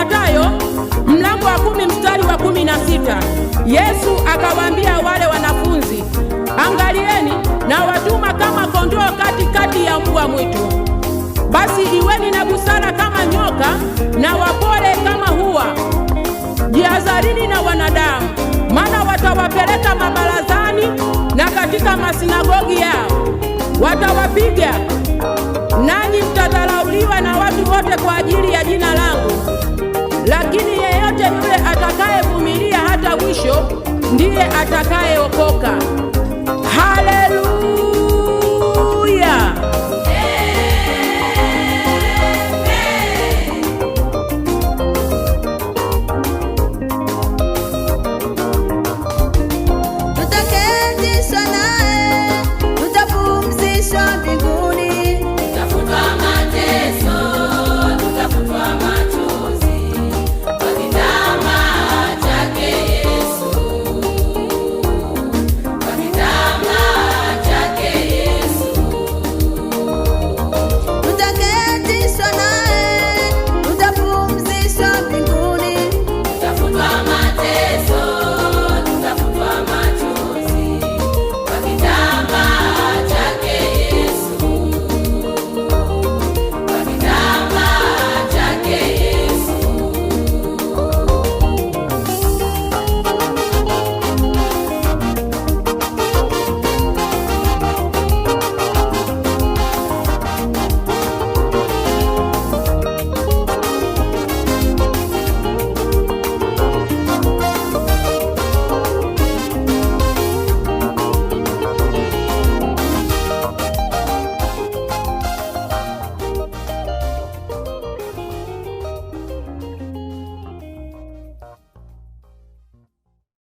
Mathayo mlango wa kumi mstari wa kumi na sita Yesu akawaambia wale wanafunzi, angalieni na watuma kama kondoo katikati ya mbwa mwitu. Basi iweni na busara ndiye atakayeokoka.